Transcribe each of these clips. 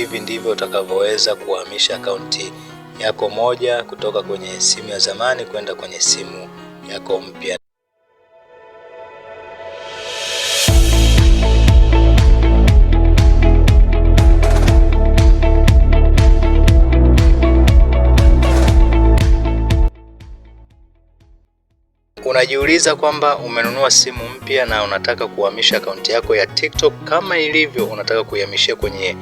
Hivi ndivyo utakavyoweza kuhamisha akaunti yako moja kutoka kwenye simu ya zamani kwenda kwenye simu yako mpya. Unajiuliza kwamba umenunua simu mpya na unataka kuhamisha akaunti yako ya TikTok kama ilivyo, unataka kuihamishia kwenye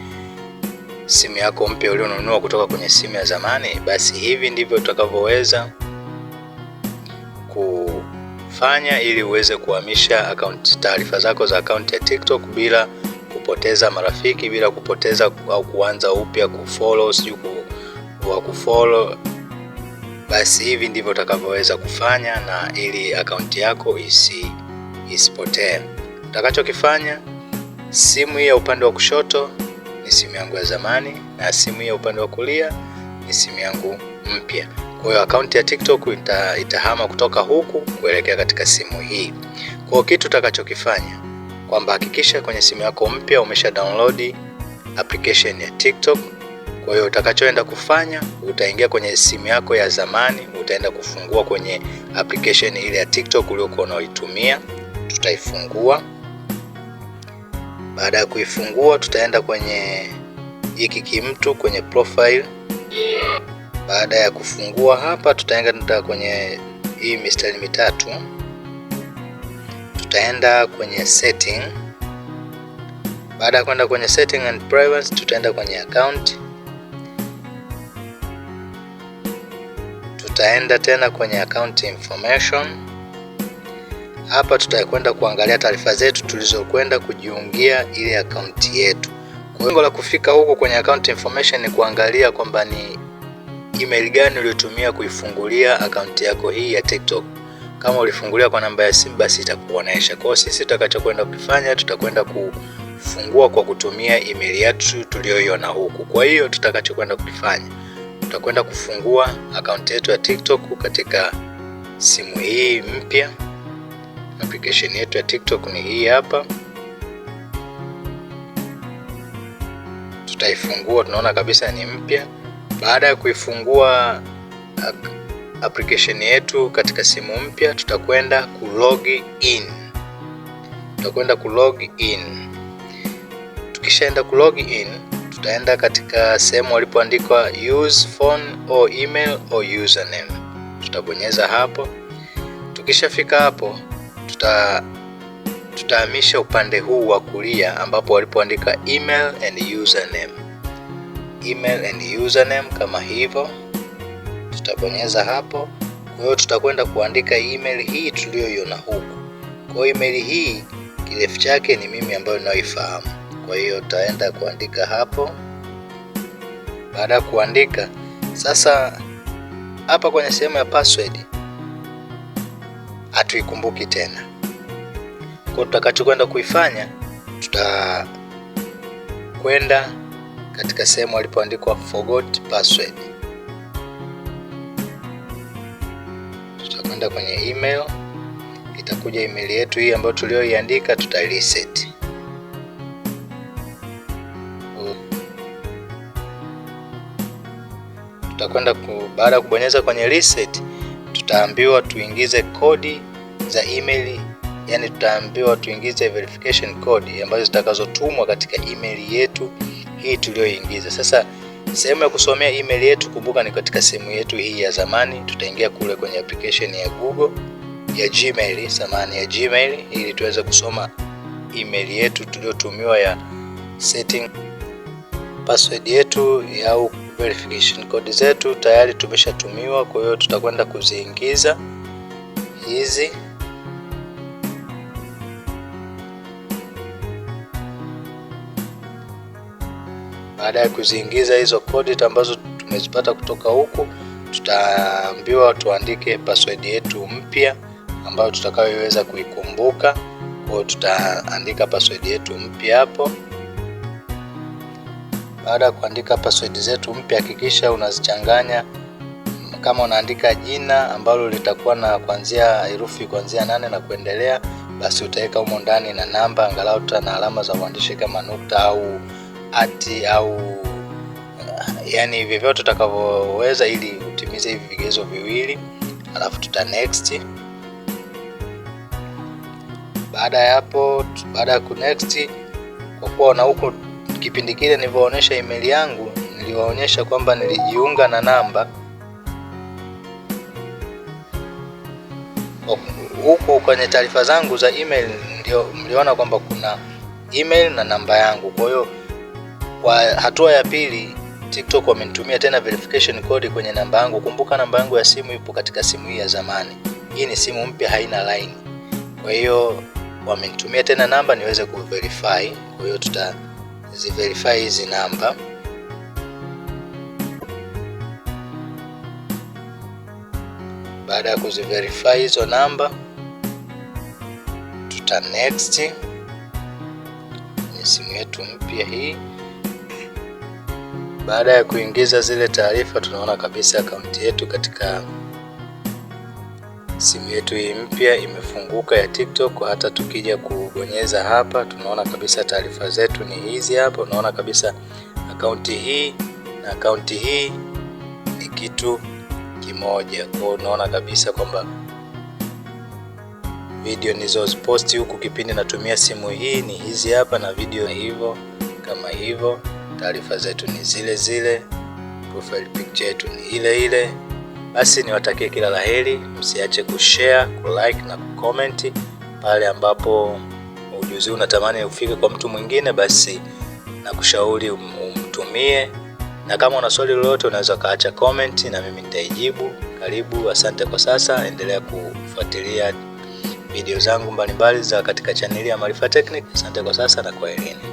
simu yako mpya ulionunua kutoka kwenye simu ya zamani, basi hivi ndivyo utakavyoweza kufanya ili uweze kuhamisha account taarifa zako za account ya TikTok bila kupoteza marafiki, bila kupoteza au kuanza upya kufollow, ku, wa kufollow. Basi hivi ndivyo utakavyoweza kufanya na ili akaunti yako isi isipotee. Utakachokifanya, simu hii ya upande wa kushoto ni simu yangu ya zamani na simu ya upande wa kulia ni simu yangu mpya. Kwa hiyo akaunti ya TikTok ita, itahama kutoka huku kuelekea katika simu hii. Kwa hiyo kitu utakachokifanya kwamba hakikisha kwenye simu yako mpya umesha download application ya TikTok. Kwa hiyo utakachoenda kufanya utaingia kwenye simu yako ya zamani, utaenda kufungua kwenye application ile ya TikTok uliokuwa unaitumia, tutaifungua baada ya kuifungua, tutaenda kwenye hiki kimtu kwenye profile. Baada ya kufungua hapa, tutaenda kwenye hii mistari mitatu, tutaenda kwenye setting. Baada ya kwenda kwenye setting and privacy, tutaenda kwenye account, tutaenda tena kwenye account information hapa tutakwenda kuangalia taarifa zetu tulizokwenda kujiungia ile akaunti yetu. Kwa lengo la kufika huko kwenye account information ni kuangalia kwamba ni email gani uliotumia kuifungulia akaunti yako hii ya TikTok. Kama ulifungulia kwa namba ya simu, basi itakuonesha. Kwa hiyo sisi tutakachokwenda kukifanya, tutakwenda kufungua kwa kutumia email yetu tuliyoiona huku. Kwa hiyo tutakachokwenda kukifanya, tutakwenda kufungua akaunti yetu ya TikTok katika simu hii mpya application yetu ya TikTok ni hii hapa. Tutaifungua, tunaona kabisa ni mpya. Baada ya kuifungua application yetu katika simu mpya, tutakwenda ku log in, tutakwenda ku log in. Tukishaenda ku log in, tutaenda katika sehemu walipoandikwa use phone or email or username, tutabonyeza hapo. Tukishafika hapo tuta tutahamisha upande huu wa kulia ambapo walipoandika email and username. Email and username kama hivyo, tutabonyeza hapo. Kwa hiyo tutakwenda kuandika email hii tuliyoiona huku. Kwa hiyo email hii kirefu chake ni mimi ambayo ninaoifahamu, kwa hiyo taenda kuandika hapo. Baada ya kuandika sasa, hapa kwenye sehemu ya password hatuikumbuki tena kwa tutakachokwenda kuifanya, tutakwenda katika sehemu alipoandikwa forgot password, tutakwenda kwenye email, itakuja email yetu hii ambayo tulioiandika, tuta reset tutakwenda baada ya kubonyeza kwenye reset, tutaambiwa tuingize kodi za email yani tutaambiwa tuingize verification code ambazo zitakazotumwa katika email yetu hii tuliyoingiza. Sasa sehemu ya kusomea email yetu, kumbuka ni katika sehemu yetu hii ya zamani. Tutaingia kule kwenye application ya Google ya Gmail, samani ya Gmail, ili tuweze kusoma email yetu tuliyotumiwa ya setting password yetu au verification code zetu tayari tumeshatumiwa, kwa hiyo tutakwenda kuziingiza hizi. Baada ya kuziingiza hizo code ambazo tumezipata kutoka huku, tutaambiwa tuandike password yetu mpya ambayo tutakayoweza kuikumbuka. Kwa hiyo tutaandika password yetu mpya hapo. Baada ya kuandika password zetu mpya, hakikisha unazichanganya kama unaandika jina ambalo litakuwa na kuanzia herufi kuanzia nane na kuendelea, basi utaweka humo ndani na namba angalau, tuta na alama za uandishi kama nukta au ati au yani vyovyote utakavyoweza ili utimize hivi vigezo viwili, alafu tuta next. Baada ya hapo, baada ya ku next, kwa kuwa na huko kipindi kile nilivyoonyesha email yangu, niliwaonyesha kwamba nilijiunga na namba huku kwenye taarifa zangu za email, ndio mliona kwamba kuna email na namba yangu, kwa hiyo kwa hatua ya pili, TikTok wamenitumia tena verification code kwenye namba yangu. Kumbuka namba yangu ya simu ipo katika simu hii ya zamani, hii ni simu mpya, haina line. Kwa hiyo wamenitumia tena namba niweze kuverify. Kwa hiyo tutaziverify hizi namba Baada ya kuziverify hizo namba, tuta next ni simu yetu mpya hii. Baada ya kuingiza zile taarifa, tunaona kabisa akaunti yetu katika simu yetu hii mpya imefunguka ya TikTok. Hata tukija kubonyeza hapa, tunaona kabisa taarifa zetu ni hizi hapa. Unaona kabisa akaunti hii na akaunti hii ni kitu kimoja. Kwa unaona kabisa kwamba video nizoziposti huku kipindi natumia simu hii ni hizi hapa, na video hivyo kama hivyo taarifa zetu ni zile zile, profile picture yetu ni ile ile. Basi niwatakie kila laheri, msiache kushare, kulike na kucomment pale ambapo ujuzi unatamani ufike kwa mtu mwingine, basi na kushauri um, umtumie, na kama una swali lolote unaweza ukaacha comment na mimi nitaijibu. Karibu, asante kwa sasa. Endelea kufuatilia video zangu mbalimbali za katika chaneli ya Maarifa Technique. Asante kwa sasa na kwaherini.